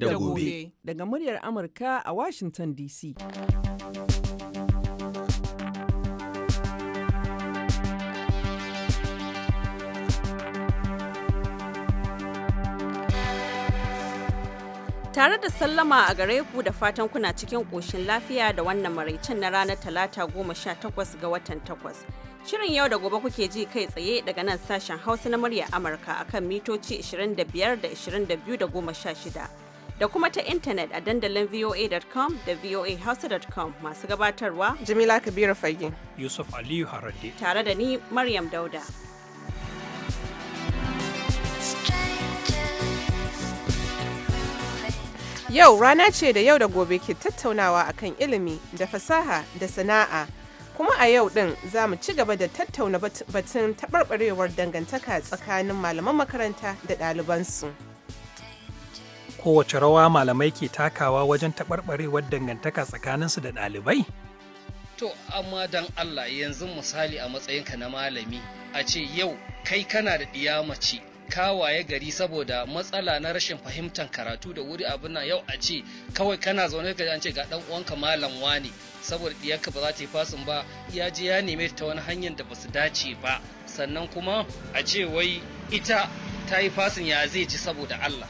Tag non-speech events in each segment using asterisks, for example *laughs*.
da gobe daga muryar Amurka a Washington DC. Tare da sallama a gare ku da fatan kuna cikin ƙoshin lafiya da wannan maraicen na ranar Talata goma sha takwas ga watan takwas Shirin yau da gobe kuke ji kai tsaye daga nan sashen Hausa na murya Amurka akan mitoci 25 da 22 da 16. da kuma ta intanet a dandalin voa.com da voahausa.com masu gabatarwa Jamila Kabiru Fage Yusuf Aliyu Harade tare da ni Maryam Dauda. Yau rana ce da yau da gobe ke tattaunawa a kan ilimi da fasaha da sana'a kuma a yau din za mu ci gaba da tattauna batun taɓarɓarewar dangantaka tsakanin malaman makaranta da ɗalibansu. kowace rawa malamai ke takawa wajen taɓarɓarewar dangantaka tsakaninsu da ɗalibai? To, amma don Allah yanzu misali a matsayinka na malami, a ce yau kai kana da ɗiya mace kawaye gari saboda matsala na rashin fahimtar karatu da wuri abin nan yau a ce kawai kana zaune ka ce ga dan uwanka malam wani saboda diyarka ba za ta yi fasin ba ya je ya neme ta wani hanyar da ba su dace ba sannan kuma a ce wai ita ta yi fasin ya zai ci saboda Allah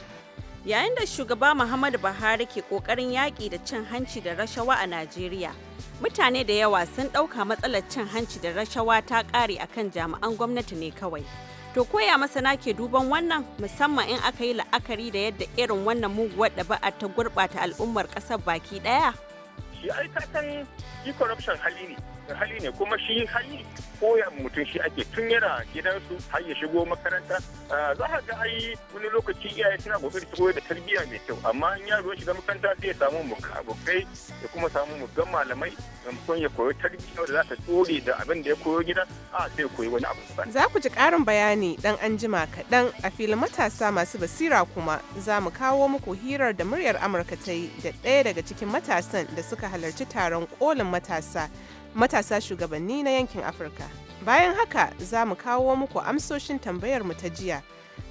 yayin da shugaba muhammadu buhari ke kokarin yaƙi da cin hanci da rashawa a najeriya mutane da yawa sun ɗauka matsalar cin hanci da rashawa ta ƙare a kan jami'an gwamnati ne kawai to koya masana ke duban wannan musamman in aka yi la'akari da yadda irin wannan muguwar ɗaba'a ta gurɓata al'ummar ƙasar baki ɗaya shi corruption hali ne hali ne kuma shi hali koya mutum shi ake tun yana gidansu har ya shigo makaranta za ka ga ai wani lokaci iyaye suna kokari su koyar da tarbiyya mai kyau amma in zo shiga makaranta sai ya samu mu abokai ya kuma samu mu malamai malamai mutum ya koyi tarbiyya da za ta tsore da abin da ya koyo gida a sai koyi wani abu za ku ji karin bayani dan an jima kaɗan a filin matasa masu basira kuma za mu kawo muku hirar da muryar amurka ta yi da ɗaya daga cikin matasan da suka halarci taron kolin matasa, matasa shugabanni na yankin Afirka. Bayan haka za mu kawo muku amsoshin tambayar mu ta jiya.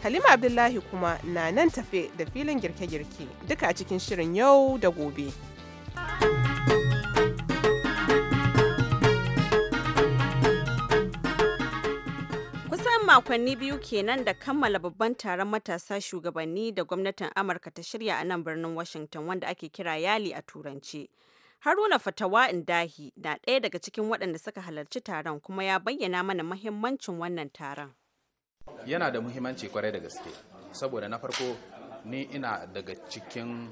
Halima Abdullahi kuma na nan tafe da filin girke-girke duka a cikin shirin yau da gobe. Kusan makonni biyu kenan da kammala babban taron matasa shugabanni da gwamnatin Amurka ta shirya a nan birnin Washington wanda ake kira Yali a Turanci. Haruna Fatawa Indahi na ɗaya daga cikin waɗanda suka halarci taron kuma ya bayyana mana mahimmancin wannan taron. Yana da muhimmanci kwarai da gaske, saboda na farko ni ina daga cikin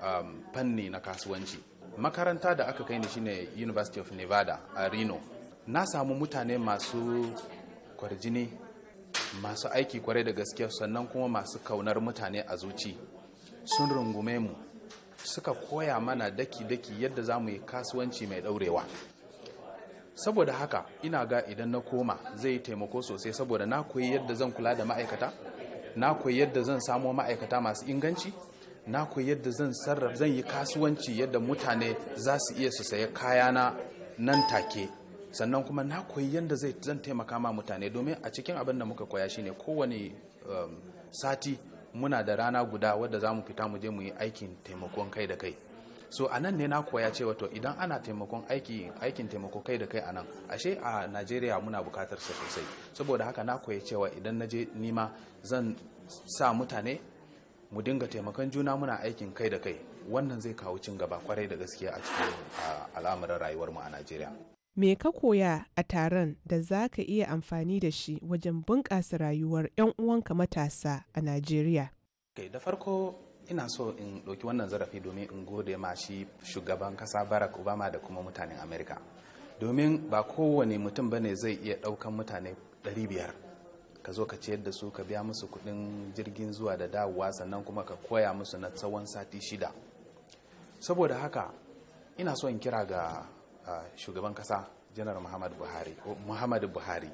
um, fanni na kasuwanci. Makaranta da aka kai ni shine University of Nevada a Reno. Na samu mutane masu kwarjini, masu aiki kwarai da gaske sannan kuma masu kaunar mutane a zuci. Sun rungume mu suka koya mana daki-daki yadda za mu yi kasuwanci mai ɗaurewa saboda haka ina ga idan na koma zai taimako sosai saboda na koyi yadda zan kula da ma'aikata na koyi yadda zan samo ma'aikata masu inganci na koyi yadda zan sarrafa zan yi kasuwanci yadda mutane za su iya su saya kayana nan take sannan kuma na koyi yadda zai zan taimaka ma mutane domin a cikin abin da muka koya shine kowane um, sati muna da rana guda wadda za mu fita mu je mu yi aikin taimakon kai da kai so a nan ne na koya ce wato idan ana taimakon aikin taimako kai da kai a nan ashe a najeriya muna bukatar sa sosai saboda haka na koya cewa idan na je nima zan sa mutane mu dinga taimakon juna muna aikin kai da kai wannan zai kawo cin gaba kwarai da gaskiya a cikin al'amuran rayuwarmu a najeriya Me ka koya a taron da za ka iya amfani da shi wajen bunƙasa rayuwar 'yan uwanka matasa a Najeriya? Okay, da farko ina so in ɗauki wannan zarafi domin in gode ma shi shugaban ƙasa Barack Obama da kuma mutanen Amerika. Domin ba kowane mutum bane zai iya ɗaukan mutane ɗari biyar ka zo ka ciyar da su ka biya musu kuɗin jirgin zuwa da dawowa sannan kuma ka koya musu na tsawon sati shida. Saboda haka ina so in kira ga shugaban kasa janar muhammadu buhari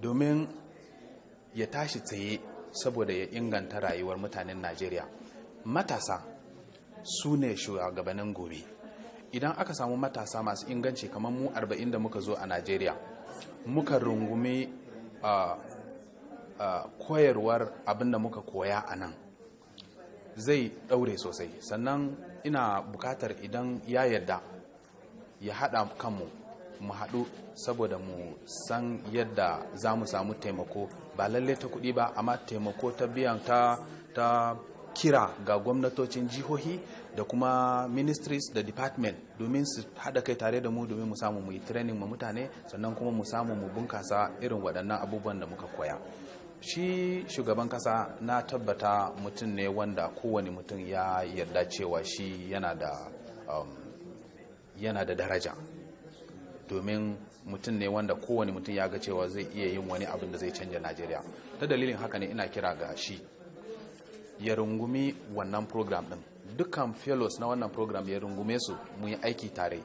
domin ya tashi tsaye saboda ya inganta rayuwar mutanen najeriya matasa su ne shugabannin gobe idan aka samu matasa masu inganci kamar mu 40 da muka zo a najeriya muka rungumi koyarwar abin da muka koya a nan zai daure sosai sannan ina bukatar idan ya yarda ya haɗa kanmu mu haɗu saboda mu san yadda za mu samu taimako ba lalle ta kuɗi ba amma taimako ta biyan ta kira ga gwamnatocin jihohi da kuma ministries da department domin su haɗa kai tare da mu domin mu samu mu yi training ma mutane sannan kuma mu samu mu bunkasa irin waɗannan abubuwan da muka koya shi shugaban kasa na tabbata mutum ne wanda kowane mutum ya yarda cewa shi yana da um, yana da daraja domin mutum ne wanda kowane mutum ya ga cewa zai iya yin wani abin da zai canja najeriya ta dalilin haka ne ina kira ga shi ya rungumi wannan program din dukkan fellows na wannan program ya rungume su mu yi aiki tare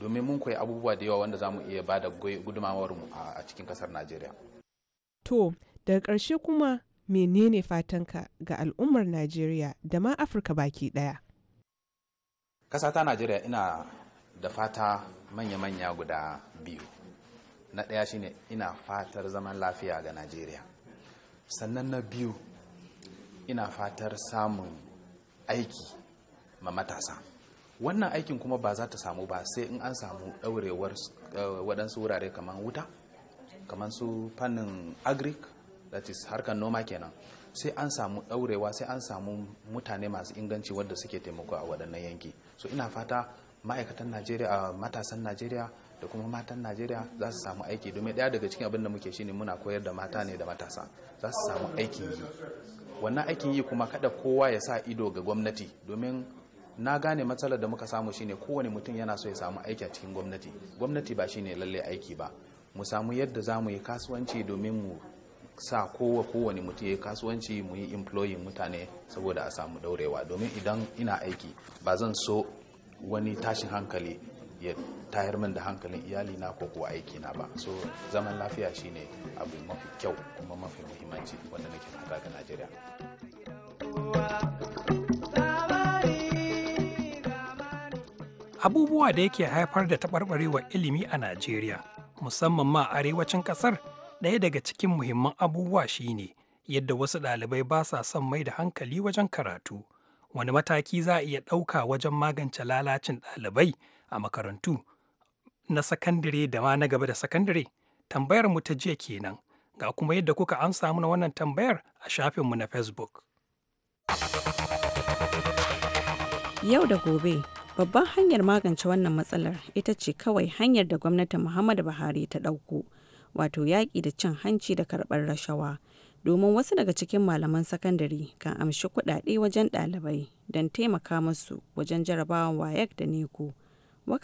domin mun koyi abubuwa da yawa wanda za mu iya ba da mu a cikin kasar najeriya to daga karshe kuma menene ka ga al'ummar najeriya da ma afirka baki ɗaya kasata ta najeriya ina da fata manya-manya guda biyu na ɗaya shine ina fatar zaman lafiya ga najeriya sannan na biyu ina fatar samun aiki ma matasa wannan aikin kuma ba za ta samu ba sai in an samu ɗaurewar eh, waɗansu wurare kamar wuta kamar su fannin agric that is harkar noma kenan sai an samu ɗaurewa sai an samu mutane masu inganci wadda suke taimako a waɗannan yanki so ina fata ma'aikatan najeriya a matasan najeriya da kuma matan najeriya za su samu aiki domin ɗaya daga cikin abin da muke shine muna koyar da mata ne da matasa za su samu aikin yi wannan aikin yi kuma kada kowa ya sa ido ga gwamnati domin na gane matsalar da muka samu shine kowane mutum yana so ya samu aiki a cikin gwamnati gwamnati ba shine lalle aiki ba mu samu yadda za mu yi kasuwanci domin mu sa kowa kowane mutum ya yi kasuwanci mu yi employing mutane saboda a samu daurewa domin idan ina aiki ba zan so wani tashin hankali ya tayar min da hankalin iyali na ko kuwa aiki na ba so zaman lafiya shine abu mafi kyau kuma mafi muhimmanci wanda nake fata ga najeriya abubuwa da yake haifar da taɓarɓarewar ilimi a najeriya musamman ma arewacin ƙasar ɗaya daga cikin muhimman abubuwa shine yadda wasu ɗalibai ba sa son mai da hankali wajen karatu wani mataki za a iya ɗauka wajen magance lalacin ɗalibai a makarantu na sakandare da ma na gaba da sakandare tambayar mu ta jiya kenan ga kuma yadda kuka amsa mana wannan tambayar a shafinmu na facebook yau da gobe babban hanyar magance wannan matsalar ita ce kawai hanyar da gwamnatin muhammadu buhari ta ɗauko wato yaƙi da cin hanci da karɓar rashawa domin wasu daga cikin malaman sakandare kan amshi kuɗaɗe wajen ɗalibai don taimaka musu wajen jarabawan wayek da neko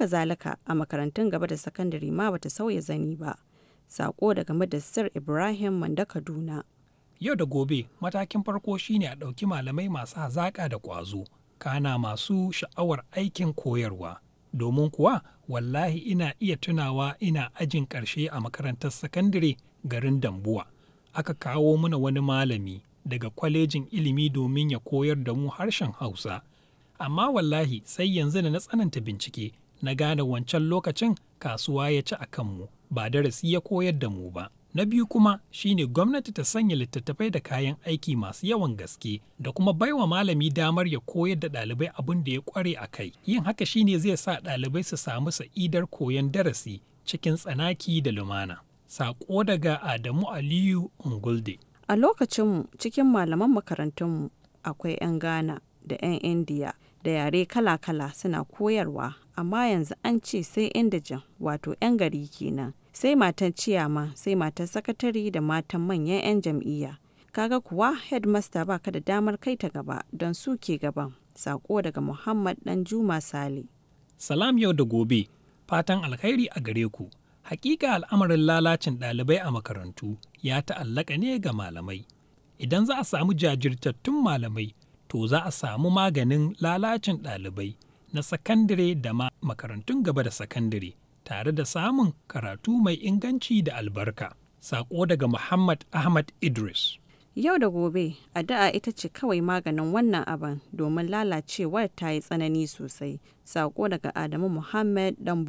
zalika a makarantun gaba da sakandare ma bata sauya zani ba saƙo daga madassar ibrahim manda kaduna yau da gobe matakin farko shine a ɗauki malamai masu hazaƙa da ƙwazo kana masu sha'awar aikin koyarwa domin kuwa wallahi ina iya tunawa ina ajin ƙarshe a makarantar sakandare garin dambuwa aka kawo mana wani malami daga kwalejin ilimi domin ya koyar da mu harshen Hausa. Amma wallahi sai yanzu da na tsananta bincike na gane wancan lokacin kasuwa ya ci a kanmu ba darasi ya koyar da mu ba. Na biyu kuma shine gwamnati ta sanya littattafai da kayan aiki masu yawan gaske da kuma baiwa malami damar ya koyar da ɗalibai abin da ya kware a kai. Yin haka shi ne zai sa ɗalibai su samu sa'idar koyon darasi cikin tsanaki da lumana. Saƙo daga Adamu Aliyu Ungulde. A lokacin cikin malaman makarantunmu akwai 'yan Ghana da 'yan Indiya da yare kala-kala suna koyarwa, amma yanzu an ce sai indijin wato 'yan gari kenan. Sai matan ciyama, sai matan sakatari da matan manyan 'yan jam'iyya. Kaga kuwa headmaster ba ka da damar kai ta gaba don su ke gaban. saƙo daga Muhammad Danjuma Sale. Salam yau da gobe, fatan alkhairi a gare ku. Hakika al'amarin lalacin ɗalibai a makarantu ya ta'allaka ne ga malamai. Idan za a samu jajirtattun malamai, to za a samu maganin lalacin ɗalibai na sakandare da ma makarantun gaba da sakandare tare da samun karatu mai inganci da albarka. Sako daga Muhammad Ahmad Idris. Yau da gobe, addu'a ita ce kawai maganin wannan abin domin lalacewar ta yi tsanani sosai. Sako daga Adamu Muhammad dan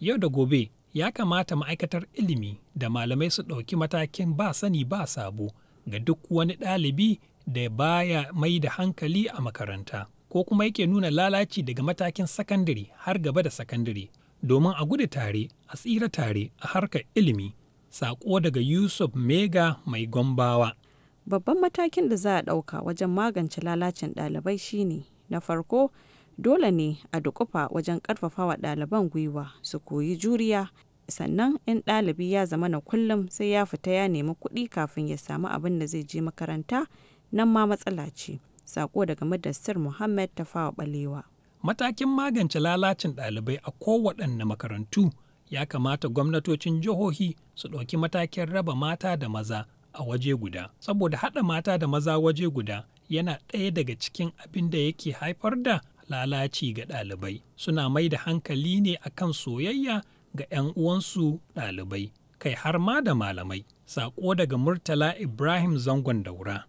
Yau da gobe, ya kamata ma'aikatar ilimi da malamai su ɗauki matakin ba sani ba sabo ga duk wani ɗalibi da baya mai da hankali a makaranta ko kuma yake nuna lalaci daga matakin sakandare har gaba da sakandare domin a gudu tare a tsira tare a harkar ilimi saƙo daga yusuf mega mai gombawa babban matakin da za a ɗauka wajen magance lalacin ɗalibai shine na farko dole ne a dukufa wajen ƙarfafa wa ɗaliban gwiwa su koyi juriya sannan in ɗalibi ya zama na kullum sai ya fita ya nemi kuɗi kafin ya samu abin da zai je makaranta nan ma matsala ce sako daga madassir muhammad ta fawa balewa matakin magance lalacin ɗalibai a kowaɗanne makarantu ya kamata gwamnatocin jihohi su ɗauki matakin raba mata da maza a waje guda saboda haɗa mata da maza waje guda yana ɗaya daga cikin abin da yake haifar da lalaci ga ɗalibai suna mai da hankali ne akan soyayya ga 'yan uwansu ɗalibai kai har ma da malamai saƙo daga murtala ibrahim zangon daura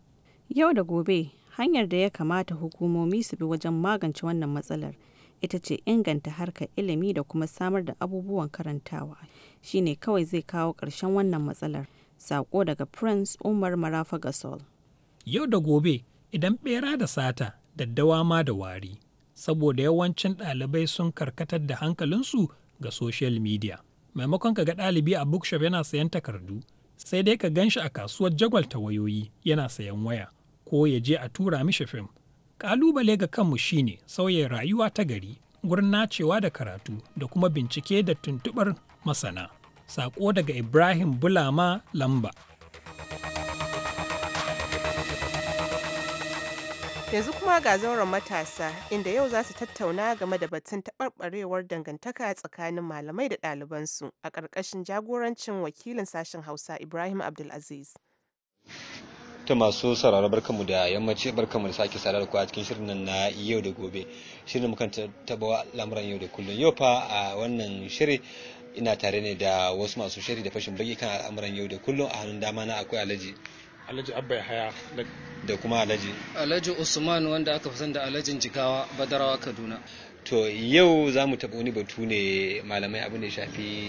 yau da gobe hanyar da ya kamata hukumomi su bi wajen magance wannan matsalar ita ce inganta harkar ilimi da kuma samar da abubuwan karantawa shine kawai zai kawo ƙarshen wannan matsalar saƙo daga prince umar marafa gasol yau da gobe idan bera da sata daddawa ma da wari saboda yawancin ɗalibai sun karkatar da hankalinsu ga social media maimakon ka ga ɗalibi a bookshop yana sayan takardu sai dai ka ganshi a kasuwar jagwalta wayoyi yana sayan waya ko ya je a tura mishi fim ƙalubale ga kanmu shine sauya rayuwa ta gari gurin nacewa da karatu da kuma bincike da tuntuɓar masana saƙo daga ibrahim bulama lamba Yanzu kuma ga zauren matasa inda yau za su tattauna game da batun taɓarɓarewar dangantaka tsakanin malamai da ɗalibansu a ƙarƙashin jagorancin wakilin sashen Hausa Ibrahim Abdulaziz. ta masu sauraro barkanmu da yammaci barkanmu da sake sadar da a cikin shirin nan na yau da gobe shirin mukan taba lamuran yau da kullum yau fa a wannan shiri ina tare ne da wasu masu shiri da fashin baki kan al'amuran yau da kullum a hannun dama na akwai alhaji alhaji abba haya da kuma alhaji alhaji usman wanda aka fi da alhajin jigawa badarawa kaduna to yau za mu taɓa wani batu ne malamai abin da ya shafi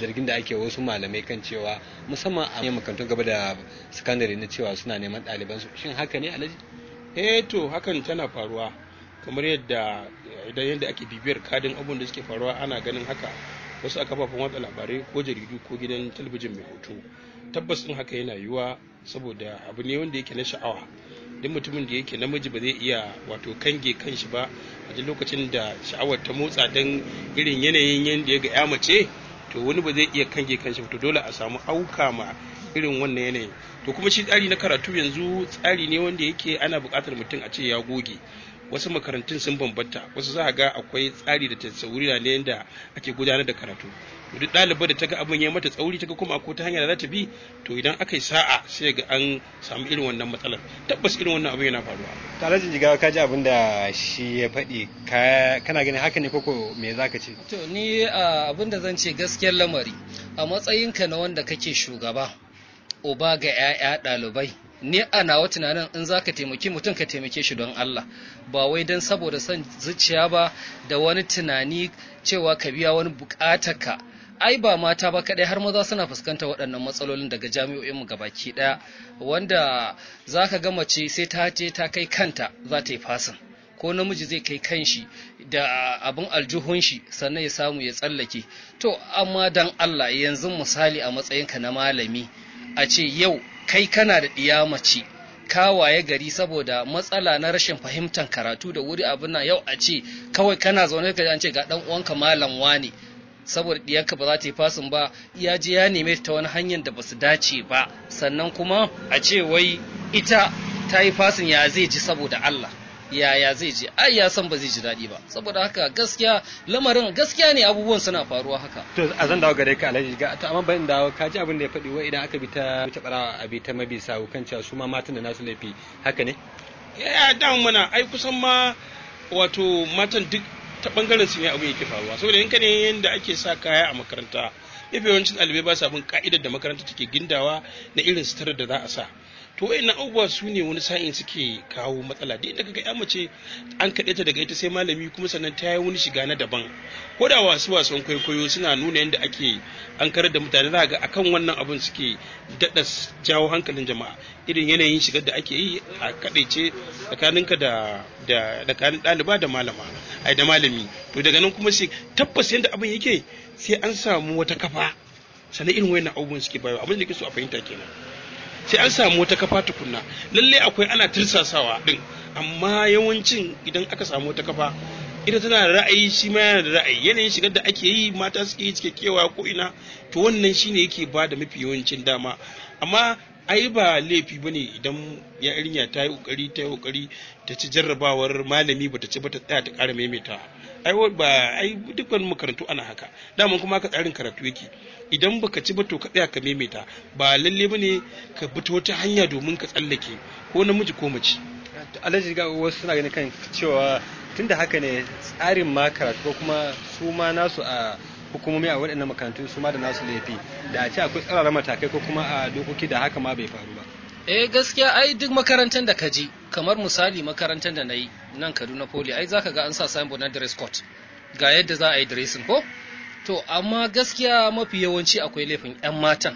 zargin da ake wasu malamai kan cewa musamman a makarantun gaba da sakandare na cewa suna neman ɗalibansu shin haka ne alhaji eh to hakan tana faruwa kamar yadda idan yadda ake bibiyar kadin abun da suke faruwa ana ganin haka wasu a kafafen watsa labarai ko jaridu ko gidan talabijin mai hoto tabbas din haka yana yiwuwa saboda abu ne wanda yake na sha'awa duk mutumin da yake namiji ba zai iya wato kange kanshi ba a duk lokacin da sha'awar ta motsa don irin yanayin yadda ya ga ya mace to wani ba zai iya kange kanshi ba to dole a samu auka ma irin wannan yanayin to kuma shi tsari na karatu yanzu tsari ne wanda yake ana buƙatar mutum a ce ya goge wasu makarantun sun bambanta wasu za a ga akwai tsari da tasawuri ne yadda ake gudanar da karatu duk da ta ga abin ya mata tsauri ta ga kuma ko ta hanya da za ta bi to idan aka yi sa'a sai ga an samu irin wannan matsalar tabbas irin wannan abin yana faruwa talajin jigawa ka ji abin da shi ya faɗi kana ganin haka ne koko me za ka ce to ni abin da zan ce gaskiyar lamari a matsayinka na wanda kake shugaba uba ga 'ya'ya ɗalibai ne a nawa tunanin in za ka taimaki mutum ka taimake shi don Allah ba wai don saboda son zuciya ba da wani tunani cewa ka biya wani ka ai ba mata ba kadai har maza suna fuskanta waɗannan matsalolin daga jami'o'in mu gabaki daya wanda za ka ga mace sai ta je ta kai kanta za ta yi fasin ko namiji zai kai kanshi da abin aljuhun shi sannan ya samu ya tsallake to amma dan Allah yanzu misali a matsayinka na malami a ce yau kai kana da ɗiya mace ka waye gari saboda matsala na rashin fahimtar karatu da wuri abin nan yau a ce kawai kana zaune ka an ce ga dan uwanka malam wane saboda diyarka ba za ta yi fasin ba ya je ya neme ta wani hanyar da basu dace ba sannan kuma a ce wai ita ta yi fasin ya zai ji saboda Allah yaya zai je ai ya san ba zai ji daɗi ba saboda haka gaskiya lamarin gaskiya ne abubuwan suna faruwa haka to a zan dawo gare ka alhaji ga ta amma ban dawo ka ji abin da ya faɗi wai idan aka bi ta wuce bara a bi ta mabisa kan cewa su ma matan da nasu laifi haka ne ya dan mana ai kusan ma wato matan duk ta bangaren su ne abin yake faruwa saboda in ka ne yanda ake sa kaya a makaranta yafi yawancin ɗalibai ba sa bin ka'idar da makaranta take gindawa na irin sitar da za a sa to ina abubuwa su ne wani sa'in suke kawo matsala duk inda kaga ya mace an kaɗe ta daga ita sai malami kuma sannan ta yi wani shiga na daban ko da wasu wasan kwaikwayo suna nuna yadda ake an karar da mutane za ga akan wannan abin suke daɗa jawo hankalin jama'a irin yanayin shigar da ake yi a kaɗaice tsakaninka da da tsakanin ɗaliba da malama ai da malami to daga nan kuma sai tabbas yadda abin yake sai an samu wata kafa sannan irin wayannan abubuwan suke bayo abin da ke so a fahimta kenan sai an samu wata kafa tukunna lalle akwai ana tirsasawa din amma yawancin idan aka samu wata kafa ita tana da ra'ayi shi ma yana da ra'ayi yanayin shigar da ake yi mata suke yi cike kewa ko ina to wannan shine yake ba da mafi yawancin dama amma ai ba laifi bane idan yarinya ta yi kokari ta yi kokari ta ci jarrabawar malami ba ta ci ba ta tsaya ta ƙara maimaita ai ba ai makarantu ana haka daman kuma ka tsarin karatu yake idan baka ci ba to ka tsaya ka maimaita ba lalle bane ka bi wata hanya domin ka tsallake ko namiji ko mace alhaji ga wasu suna ganin kan cewa tunda haka ne tsarin ma karatu ko kuma su ma nasu a hukumomi a waɗannan makarantu su ma da nasu laifi da a ce akwai tsararra matakai ko kuma a dokoki da haka ma bai faru ba eh gaskiya ai duk makarantar da ka je kamar misali makarantar da na yi nan kaduna poli ai zaka ga an sa signboard na dress code ga yadda za a yi dressing ko to amma gaskiya mafi yawanci akwai laifin 'yan matan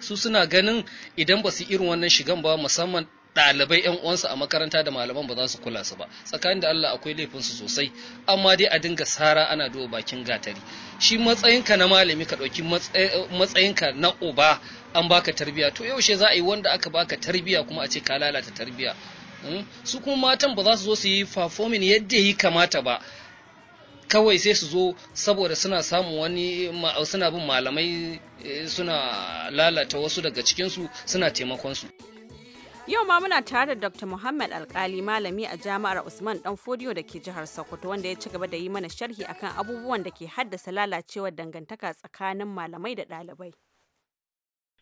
su suna ganin idan ba su irin wannan shigan ba musamman ɗalibai yan uwansu a makaranta da malaman ba za su kula su ba tsakanin da Allah akwai laifin su sosai amma dai a dinga sara ana duba bakin gatari shi matsayinka na malami ka ɗauki matsayinka na uba an baka tarbiya to yaushe za a yi wanda aka baka tarbiya kuma a ce ka lalata tarbiya Hmm? su kuma matan ba za su zo su yi performing yadda yi kamata ba kawai sai su zo saboda suna samun wani suna bin malamai eh, suna lalata wasu daga cikinsu suna taimakonsu yau ma muna tare da dr muhammad alkali malami a jami'ar usman dan fodiyo da ke jihar sokoto wanda ya ci gaba da yi mana sharhi akan abubuwan da ke haddasa lalacewar dangantaka tsakanin malamai da ɗalibai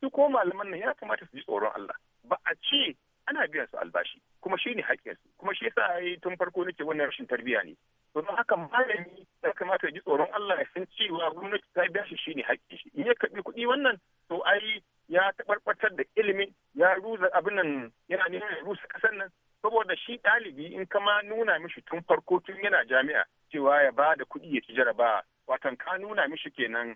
su ko malaman nan ya kamata su ji tsoron allah ba a ce ana biyan su albashi kuma shi ne haƙƙinsu kuma shi yasa yi tun farko nake wannan rashin tarbiyya ne to don haka malami ya kamata ya ji tsoron Allah ya san cewa gwamnati ta biya shi shine haƙƙin shi in ya karbi kuɗi wannan to ai ya taɓarɓatar da ilimin ya ruza abin nan yana neman ya rusa ƙasar nan saboda shi ɗalibi in kama nuna mishi tun farko tun yana jami'a cewa ya ba da kuɗi ya ci jarabawa watan ka nuna mishi kenan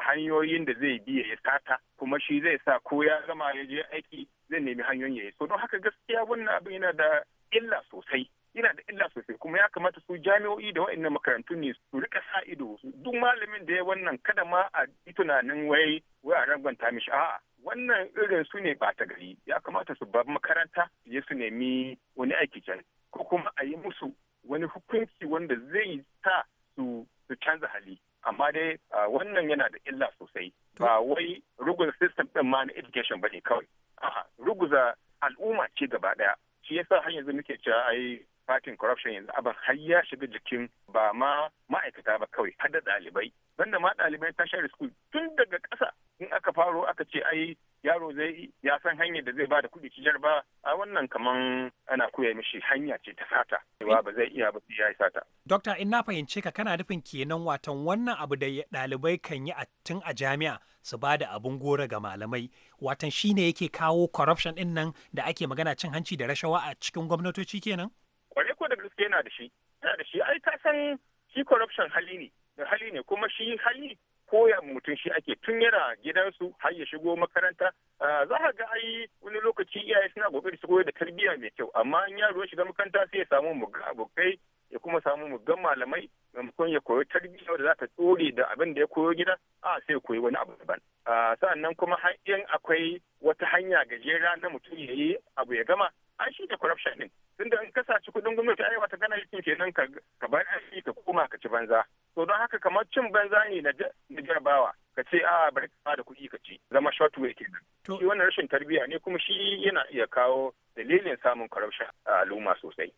hanyoyin da zai biya ya sata kuma shi zai sa ko ya zama ya je aiki zai nemi hanyoyin ya yi so don haka gaskiya wannan abin yana da illa sosai yana da illa sosai kuma ya kamata su jami'o'i da wa'annan makarantu ne su rika sa ido duk malamin da ya wannan kada ma a yi tunanin wai wai a rangwanta mishi a'a wannan irin su ne ba ta gari ya kamata su bar makaranta ya su nemi wani aiki can ko kuma a yi musu wani hukunci wanda zai sa su su canza hali amma dai wannan yana da illa sosai ba wai ruguza system din ma na education bane kawai a'a ruguza al'umma ce gaba daya shi yasa har yanzu muke cewa ai fatin corruption yanzu abin har ya shiga jikin ba ma ma'aikata ba kawai har da ɗalibai banda ma ɗalibai ta share school tun daga ƙasa in aka faro aka ce ai yaro zai ya san hanyar da zai ba da kuɗi ci jarba a wannan kaman ana koya mishi hanya ce ta sata cewa ba zai iya ba sai ya sata. Dokta in na fahimce ka kana nufin kenan watan wannan abu da ɗalibai kan yi a tun a jami'a su ba da abun gora ga malamai watan shine yake kawo corruption din nan da ake magana cin hanci da rashawa a cikin gwamnatoci kenan. Kware ko da gaske yana da shi yana da shi ai ka san shi corruption hali ne da hali ne kuma shi hali koya mutum shi ake tun yana gidansu har ya shigo makaranta za ka ga ai wani lokaci iyaye suna kokari su koyar da tarbiyya mai kyau amma in yaro ya shiga makaranta sai ya samu muga abokai ya kuma samu mugan malamai maimakon ya koyi tarbiyya da za ta tsore da abin da ya koyo gida a sai koyi wani abu daban sa'annan kuma in akwai wata hanya gajera na mutum ya yi abu ya gama an shi da corruption din tunda in ka saci kuɗin gwamnati ai wata gana yakin kenan ka bar aiki ka koma ka ci banza to don haka kamar cin banza ne na jarabawa ka ce a bari ka da kuɗi ka ci zama short way kenan shi wannan rashin tarbiyya ne kuma shi yana iya kawo dalilin samun karaushe a al'umma sosai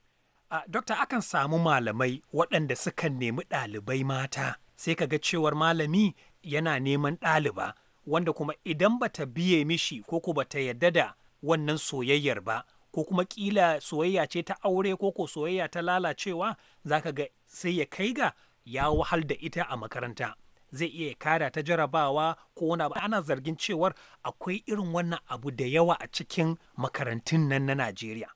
a Dokta akan samu malamai waɗanda sukan nemi ɗalibai mata sai ka ga cewar malami yana neman ɗaliba wanda kuma idan bata biye mishi ko ko bata yadda da wannan soyayyar ba ko kuma kila soyayya ce ta aure ko ko soyayya ta lalacewa zaka ga sai ya kai ga ya wahal da ita a makaranta zai iya kada ta jarabawa ko wani abu ana zargin cewar akwai irin wannan abu da yawa a cikin makarantun nan na Najeriya.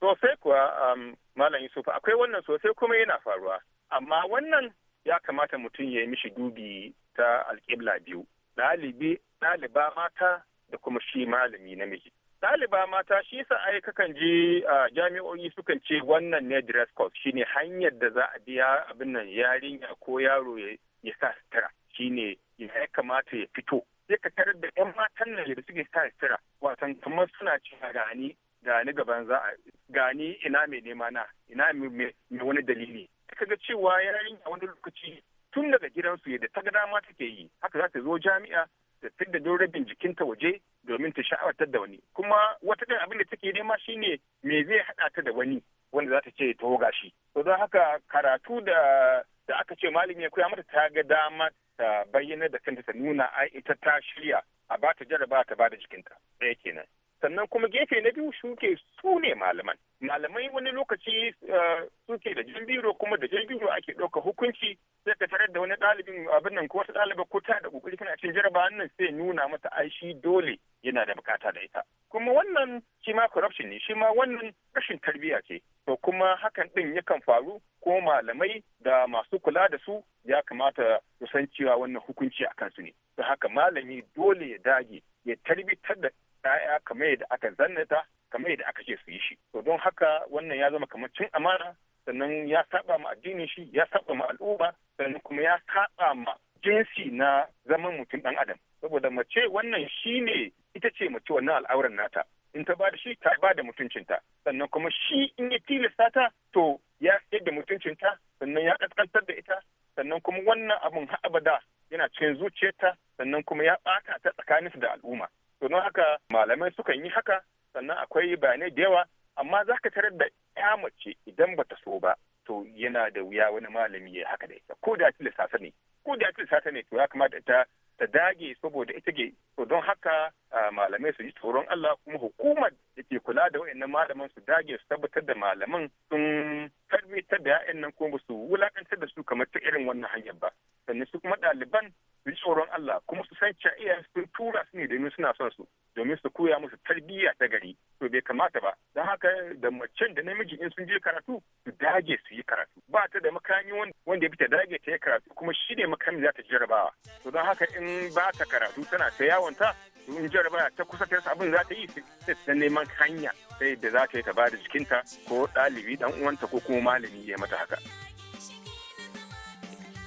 Sosai kuwa um, Malam Yusuf akwai wannan sosai kuma yana faruwa amma wannan ya kamata mutum ya yi mishi dubi ta alƙibla biyu ɗalibi ɗaliba mata da kuma shi malami namiji. ɗaliba mata shi sa ai kakan ji jami'o'i sukan ce wannan ne dress code shine hanyar da za a biya abin nan yarinya ko yaro ya sa sutura shine ya kamata ya fito sai ka tarar da 'yan matan nan da suke sa sutura wasan kamar suna cewa gani gani gaban za a gani ina mai nema na ina mai wani dalili ka ga cewa yarinya wani lokaci tun daga gidansu yadda ta ga dama take yi haka za ta zo jami'a ta fidda rabin jikinta waje domin ta sha'awatar da wani kuma wata ɗin abin da take nema shine me zai haɗa ta da wani wanda za ta ce ta hoga shi to don haka karatu da da aka ce malami ya koya mata ta ga dama ta bayyana da kanta ta nuna ai ita ta shirya a ba ta jaraba ta ba da jikinta ɗaya kenan sannan kuma gefe na biyu shuke su ne malaman malamai wani lokaci eh, suke da jan biro kuma da jan biro ake ɗauka hukunci sai ka tarar da wani ɗalibin abin nan ko wata ɗaliba ko ta da ƙoƙari tana cin jaraba nan sai nuna mata ai shi dole yana da bukata da ita kuma wannan shi ma corruption ne shi ma wannan rashin tarbiyya ce to kuma hakan ɗin yakan faru ko malamai da masu kula da su ya kamata su san cewa wannan hukunci a kansu ne to haka malami dole ya dage ya tarbitar da 'ya'ya kamar yadda aka zannata kamar yadda aka ce su yi shi to don haka wannan ya zama kamar cin amana sannan ya saba ma addinin shi ya saba ma al'umma sannan kuma ya saba ma jinsi na zaman mutum dan adam saboda mace wannan shine ita ce mace wannan al'auran nata in ta bada shi ta bada mutuncinta sannan kuma shi in ya tilasta ta to ya sayar da mutuncinta sannan ya kaskantar da ita sannan kuma wannan abun har abada yana cikin zuciyarta sannan kuma ya ɓata ta tsakaninsu da al'umma Don haka malamai sukan yi haka sannan akwai bayanai da yawa amma za ka tarar da ya mace idan bata so ba to yana da wuya wani malami ya haka da ita ko da ta lissafa ne ko da ta lissafa ne to ya kamata ta ta dage saboda ita ke to don haka malamai su yi tsoron Allah kuma hukumar da ke kula da wayannan malaman su dage su tabbatar da malaman sun tarbitar da ya'yan nan kuma su wulakantar da su kamar ta irin wannan hanyar ba sannan su kuma ɗaliban su yi tsoron Allah kuma su san cewa iyayen sun tura su ne domin suna son su domin su koya musu tarbiyya ta gari to bai kamata ba don haka da macen da namiji in sun je karatu su dage su yi karatu ba ta da makami wanda ya bi ta dage ta yi karatu kuma shi ne makami za ta jarabawa to don haka in ba ta karatu tana ta yawon wanta in jarraba ta kusa ta abin za ta yi sai ta neman hanya sai da za ta yi ta ba da jikinta ko ɗalibi dan uwanta ko kuma malami ya mata haka.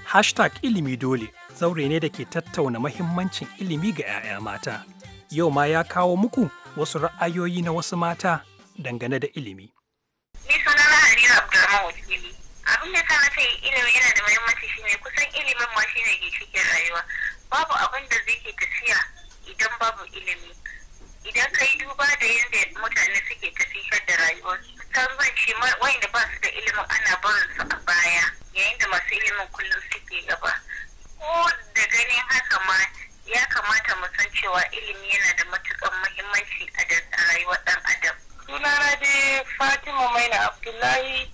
Hashtag ilimi dole zaure ne da ke tattauna mahimmancin ilimi ga 'ya'ya mata. Yau ma ya kawo muku wasu ra'ayoyi na wasu mata dangane da ilimi. Ni suna na Halila Abdulmawud Abin da ta mata ilimi yana da muhimmanci shine kusan ilimin ma shine cikin rayuwa. Babu abin da zai ke tafiya idan babu ilimi idan ka yi duba da yadda mutane suke tafiyar da rayuwarsu ce wanda ba su da ilimin ana barin su a baya yayin da masu ilimin kullum suke gaba ko da ganin haka ma ya kamata mu san cewa ilimi yana da matukan muhimmanci a rayuwar dan adam sunana dai fatima maina abdullahi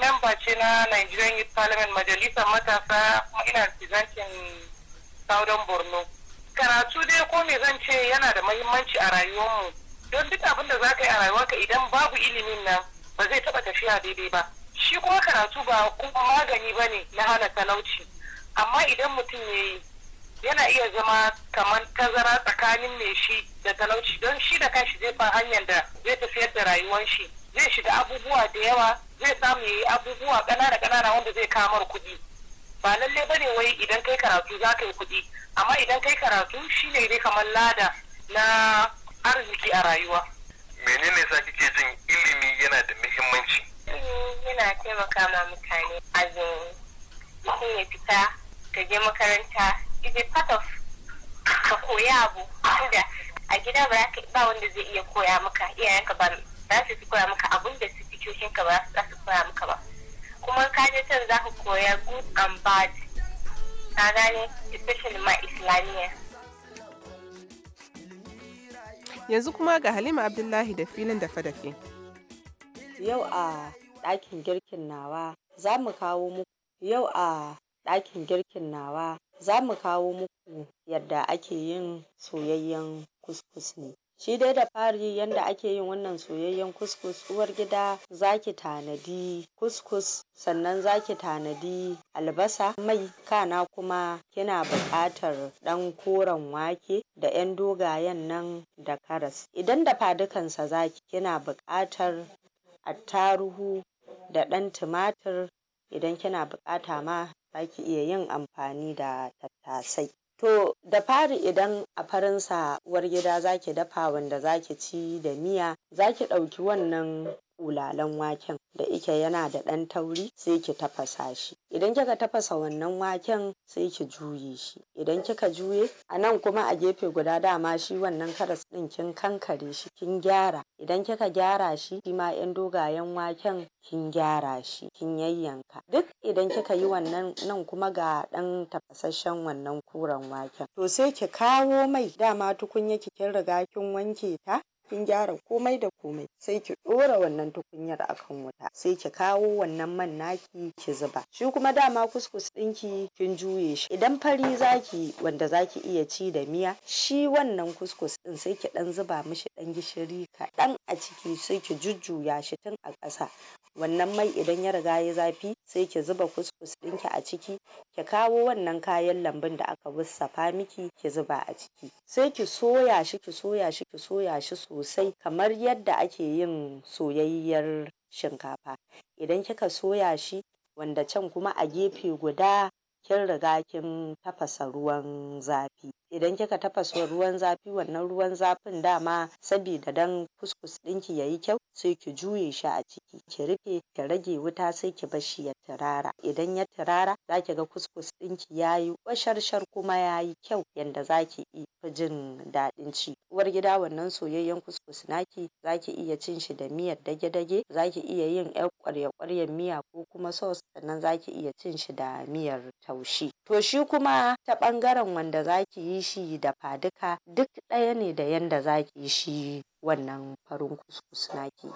namba ce na nigerian youth parliament majalisar matasa kuma ina representing southern borno karatu dai ko me zan ce yana da mahimmanci a rayuwar mu don duk abin da za ka yi a rayuwarka idan babu ilimin nan ba zai taɓa tafiya daidai ba shi kuma karatu ba kuma magani ba ne na hana talauci amma idan mutum ya yi yana iya zama kamar tazara tsakanin mai shi da talauci don shi da kanshi zai fa hanyar da zai tafiyar da rayuwar shi zai shiga abubuwa da yawa zai samu ya yi abubuwa ƙanana ƙanana wanda zai kamar kuɗi ba lalle ba ne wai idan kai karatu za ka yi kuɗi amma idan kai karatu shi ne dai kamar lada na arziki a rayuwa menene sa kike jin ilimi yana da muhimmanci yana taimaka ma mutane azin mutum ya fita ka je makaranta is a part of ka koya abu tunda a gida ba ba wanda zai iya koya maka iyayenka ba za su koya maka abun da su fi ka ba za su koya maka ba kuma ka je can za ka koya good and bad ka gane especially ma islamiyya yanzu kuma ga halima abdullahi da filin da dafe yau a ɗakin girkin nawa za mu kawo muku yau a ɗakin girkin nawa za mu kawo muku yadda ake yin soyayyen kuskus ne shi dai da fari yanda ake yin wannan soyayyen kuskus uwar gida zaki tanadi kuskus sannan zaki tanadi albasa mai kana kuma kina buƙatar ɗan koren wake da 'yan dogayen nan da karas idan da dafadukansa zaki kina buƙatar attaruhu da ɗan tumatir idan kina buƙata ma za ki iya yin amfani da tattasai To da fari idan a farin sabuwar gida zaki dafa wanda zaki ci da miya, zaki ɗauki wannan Ulalen waken da ike yana da ɗan tauri sai ki tafasa shi idan kika tafasa wannan waken sai ki juye shi idan kika juye a nan kuma a gefe guda dama shi wannan karas ɗin kin kankare shi kin gyara idan kika gyara shi ma 'yan dogayen waken kin gyara shi kin yayyanka duk idan kika yi wannan nan kuma ga ɗan tafasasshen wannan koren waken to sai ki kawo mai dama tukunya kin riga kin wanke ta kin gyara komai da komai sai ki ɗora wannan tukunyar akan wuta sai ki kawo wannan man naki ki zuba shi kuma dama kuskus ɗinki kin juye shi idan fari zaki wanda zaki iya ci da miya shi wannan kuskus ɗin sai ki ɗan zuba mishi ɗan gishiri kaɗan a ciki sai ki jujjuya shi tun a ƙasa wannan mai idan ya riga ya zafi sai ki zuba kuskus ɗinki a ciki ki kawo wannan kayan lambun da aka wussafa miki ki zuba a ciki sai ki soya shi ki soya shi ki soya shi sosai kamar yadda ake yin soyayyar shinkafa idan kika soya shi wanda can kuma a gefe guda kin riga kin tafasa ruwan zafi idan kika tafasa ruwan zafi wannan ruwan zafin dama sabida dan kuskus ɗinki yayi kyau sai ki juye shi a ciki ki rufe ki rage wuta sai ki bar shi ya tirara idan ya tirara ki ga kuskus ɗinki yayi washarshar kuma yayi kyau yanda ki fi jin daɗin ci uwar gida wannan soyayyen kuskus naki za ki iya cin shi da miyar dage-dage za ki iya yin ƴar ƙwarya-ƙwaryan miya ko kuma sos sannan za ki iya cin shi da miyar taushe to shi kuma ta ɓangaren wanda za ki. ki yi shi da faduka duk ɗaya ne da yanda za ki yi shi wannan farin kuskus naki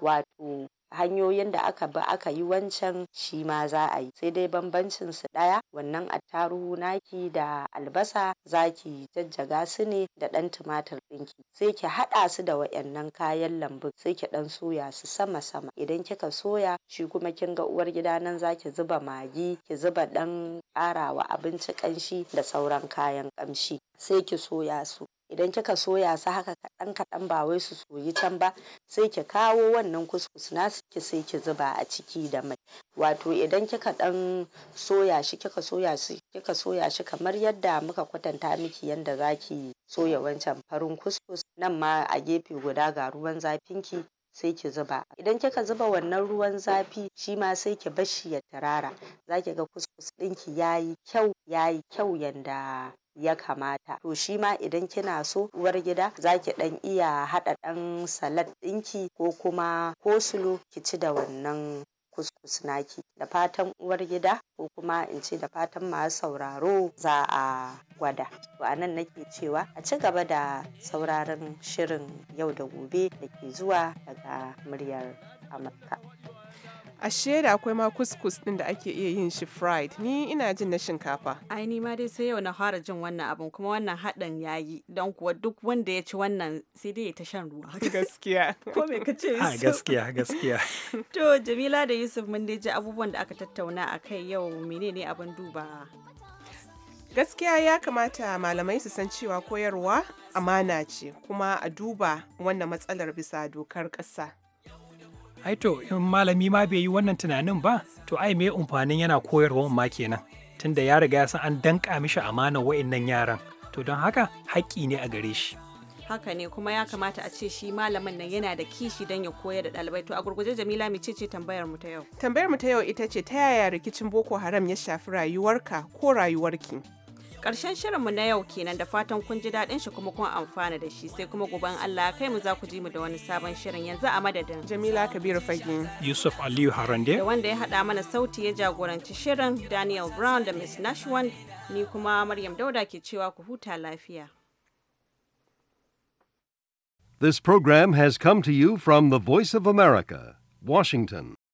wato hanyoyin da aka bi aka yi wancan shi ma za a yi sai dai bambancin su ɗaya wannan attaruhu naki da albasa za ki jajjaga su ne da ɗan tumatir ɗinki sai ki haɗa su da wayannan kayan lambu sai ki ɗan soya su sama sama idan kika soya shi kuma kin ga uwar gida nan ki zuba magi ki zuba ɗan ƙarawa abinci ƙanshi da sauran kayan ƙamshi sai ki soya su idan kika soya su haka kaɗan kaɗan ba wai su soyi can ba sai ki kawo wannan kuskus nasu ki sai ki zuba a ciki da mai wato idan kika ɗan soya shi kika soya shi kika soya shi kamar yadda muka kwatanta miki yadda za ki soya wancan farin kuskus nan ma a gefe guda ga ruwan zafin ki sai ki zuba idan kika zuba wannan ruwan zafi shi ma sai ki bar shi ya turara zaki ga kuskus ɗinki yayi kyau yayi kyau yanda ya kamata to shi ma idan kina so uwar gida zaki dan iya haɗa ɗan salad ɗinki ko kuma kosulo ki ci da wannan kuskus naki da fatan uwar gida ko kuma in ce da fatan masu sauraro za a gwada to a nan nake cewa a ci gaba da sauraron shirin yau da gobe da ke zuwa daga muryar amurka a da akwai ma kuskus din da ake iya yin shi fried ni ina jin na shinkafa ai ma dai sai yau na fara jin wannan abin kuma wannan haɗin yayi don kuwa duk wanda ya ci wannan sai dai ta shan ruwa *laughs* gaskiya *laughs* ko me ka ce ha gaskiya gaskiya *laughs* to jamila da yusuf mun dai ji abubuwan da aka tattauna a akai yau menene abin duba gaskiya ya kamata malamai su san cewa koyarwa amana ce kuma a duba wannan matsalar bisa dokar ƙasa. Aito, in malami ma bai yi wannan tunanin ba, to ai me umfanin yana koyarwa ma kenan. Tunda ya riga ya san an danƙa mishi amana wa'innan yaran. To don haka haƙƙi ne a gare shi. haka ne kuma ya kamata a ce shi malamin nan yana da kishi don ya koyar da ɗalibai to a gurguje jamila ce ce tambayar mu ta yau tambayar mu ta yau ita ce ta yaya rikicin boko haram ya shafi rayuwarka ko rayuwarki karshen shirinmu na yau kenan da fatan kun ji daɗin shi kuma kun amfana da shi sai kuma goban Allah kai mu za ku ji mu da wani sabon shirin yanzu a madadin. Jamila Kabiru Fage. Yusuf Aliyu Harande. Da wanda ya haɗa mana sauti ya jagoranci shirin Daniel Brown da Miss Nashwan ni kuma Maryam Dauda ke cewa ku huta lafiya. This program has come to you from the Voice of America, Washington.